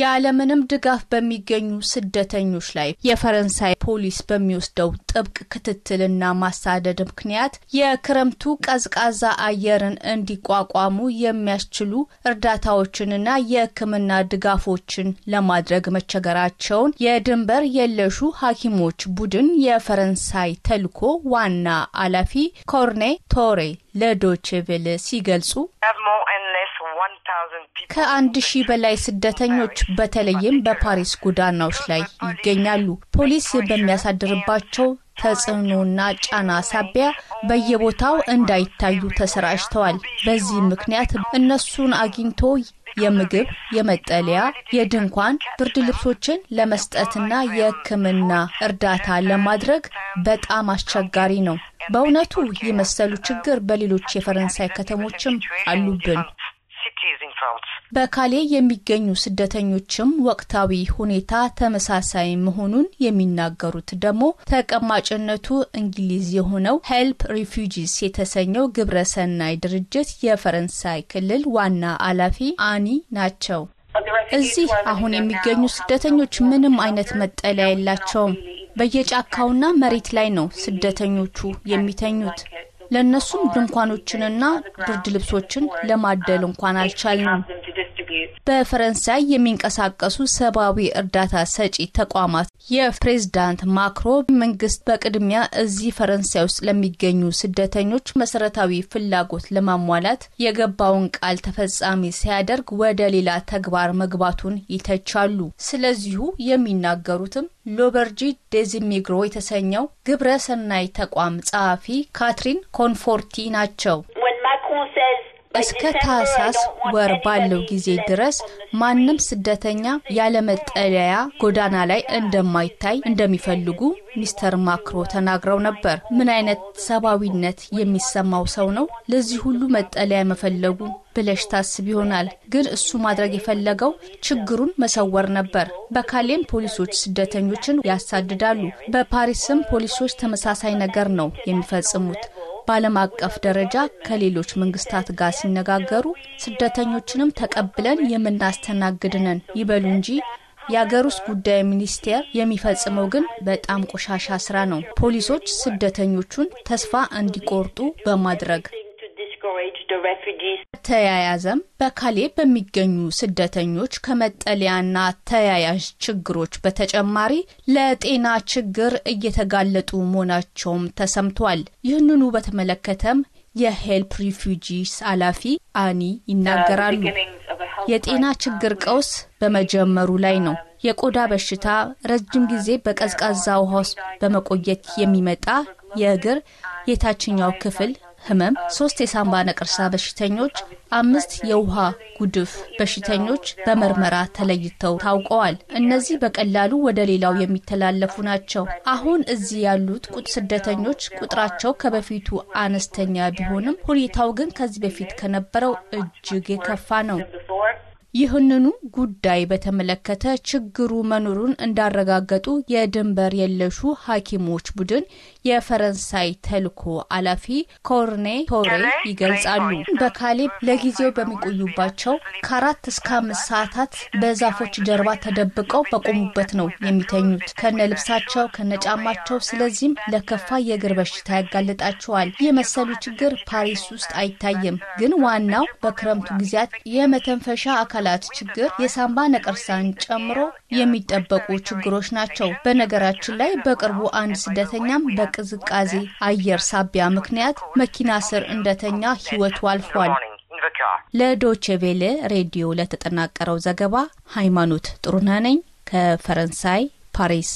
የዓለምንም ድጋፍ በሚገኙ ስደተኞች ላይ የፈረንሳይ ፖሊስ በሚወስደው ጥብቅ ክትትልና ማሳደድ ምክንያት የክረምቱ ቀዝቃዛ አየርን እንዲቋቋሙ የሚያስችሉ እርዳታዎችንና የሕክምና ድጋፎችን ለማድረግ መቸገራቸውን የድንበር የለሹ ሐኪሞች ቡድን የፈረንሳይ ተልኮ ዋና አላፊ ኮርኔ ቶሬ ለዶችቬል ሲገልጹ ከአንድ ሺህ በላይ ስደተኞች በተለይም በፓሪስ ጎዳናዎች ላይ ይገኛሉ። ፖሊስ በሚያሳድርባቸው ተጽዕኖና ጫና ሳቢያ በየቦታው እንዳይታዩ ተሰራጭተዋል። በዚህ ምክንያት እነሱን አግኝቶ የምግብ፣ የመጠለያ፣ የድንኳን፣ ብርድ ልብሶችን ለመስጠትና የሕክምና እርዳታ ለማድረግ በጣም አስቸጋሪ ነው። በእውነቱ የመሰሉ ችግር በሌሎች የፈረንሳይ ከተሞችም አሉብን። በካሌ የሚገኙ ስደተኞችም ወቅታዊ ሁኔታ ተመሳሳይ መሆኑን የሚናገሩት ደግሞ ተቀማጭነቱ እንግሊዝ የሆነው ሄልፕ ሪፊጂስ የተሰኘው ግብረሰናይ ድርጅት የፈረንሳይ ክልል ዋና ኃላፊ አኒ ናቸው። እዚህ አሁን የሚገኙ ስደተኞች ምንም አይነት መጠለያ የላቸውም። በየጫካውና መሬት ላይ ነው ስደተኞቹ የሚተኙት። ለእነሱም ድንኳኖችንና ብርድ ልብሶችን ለማደል እንኳን አልቻልንም። በፈረንሳይ የሚንቀሳቀሱ ሰብአዊ እርዳታ ሰጪ ተቋማት የፕሬዝዳንት ማክሮ መንግስት በቅድሚያ እዚህ ፈረንሳይ ውስጥ ለሚገኙ ስደተኞች መሰረታዊ ፍላጎት ለማሟላት የገባውን ቃል ተፈጻሚ ሲያደርግ ወደ ሌላ ተግባር መግባቱን ይተቻሉ። ስለዚሁ የሚናገሩትም ሎበርጂ ዴዚሚግሮ የተሰኘው ግብረ ሰናይ ተቋም ጸሐፊ ካትሪን ኮንፎርቲ ናቸው። ማክሮን እስከ ታህሳስ ወር ባለው ጊዜ ድረስ ማንም ስደተኛ ያለመጠለያ ጎዳና ላይ እንደማይታይ እንደሚፈልጉ ሚስተር ማክሮ ተናግረው ነበር። ምን አይነት ሰብአዊነት የሚሰማው ሰው ነው ለዚህ ሁሉ መጠለያ መፈለጉ ብለሽ ታስብ ይሆናል። ግን እሱ ማድረግ የፈለገው ችግሩን መሰወር ነበር። በካሌም ፖሊሶች ስደተኞችን ያሳድዳሉ። በፓሪስም ፖሊሶች ተመሳሳይ ነገር ነው የሚፈጽሙት። በዓለም አቀፍ ደረጃ ከሌሎች መንግስታት ጋር ሲነጋገሩ ስደተኞችንም ተቀብለን የምናስተናግድነን ይበሉ እንጂ የአገር ውስጥ ጉዳይ ሚኒስቴር የሚፈጽመው ግን በጣም ቆሻሻ ስራ ነው። ፖሊሶች ስደተኞቹን ተስፋ እንዲቆርጡ በማድረግ በተያያዘም በካሌ በሚገኙ ስደተኞች ከመጠለያና ተያያዥ ችግሮች በተጨማሪ ለጤና ችግር እየተጋለጡ መሆናቸውም ተሰምቷል። ይህንኑ በተመለከተም የሄልፕ ሪፊጂስ ኃላፊ አኒ ይናገራሉ። የጤና ችግር ቀውስ በመጀመሩ ላይ ነው። የቆዳ በሽታ፣ ረጅም ጊዜ በቀዝቃዛ ውሃ ውስጥ በመቆየት የሚመጣ የእግር የታችኛው ክፍል ህመም፣ ሶስት የሳምባ ነቀርሳ በሽተኞች፣ አምስት የውሃ ጉድፍ በሽተኞች በምርመራ ተለይተው ታውቀዋል። እነዚህ በቀላሉ ወደ ሌላው የሚተላለፉ ናቸው። አሁን እዚህ ያሉት ስደተኞች ቁጥራቸው ከበፊቱ አነስተኛ ቢሆንም ሁኔታው ግን ከዚህ በፊት ከነበረው እጅግ የከፋ ነው። ይህንኑ ጉዳይ በተመለከተ ችግሩ መኖሩን እንዳረጋገጡ የድንበር የለሹ ሐኪሞች ቡድን የፈረንሳይ ተልኮ ኃላፊ ኮርኔ ቶሬ ይገልጻሉ። በካሌብ ለጊዜው በሚቆዩባቸው ከአራት እስከ አምስት ሰዓታት በዛፎች ጀርባ ተደብቀው በቆሙበት ነው የሚተኙት ከነ ልብሳቸው ከነ ጫማቸው። ስለዚህም ለከፋ የእግር በሽታ ያጋልጣቸዋል። የመሰሉ መሰሉ ችግር ፓሪስ ውስጥ አይታይም፣ ግን ዋናው በክረምቱ ጊዜያት የመተንፈሻ አካል የኩላሊት ችግር የሳምባ ነቀርሳን ጨምሮ የሚጠበቁ ችግሮች ናቸው። በነገራችን ላይ በቅርቡ አንድ ስደተኛም በቅዝቃዜ አየር ሳቢያ ምክንያት መኪና ስር እንደተኛ ሕይወቱ አልፏል። ለዶቼቬሌ ሬዲዮ ለተጠናቀረው ዘገባ ሃይማኖት ጥሩነህ ነኝ ከፈረንሳይ ፓሪስ።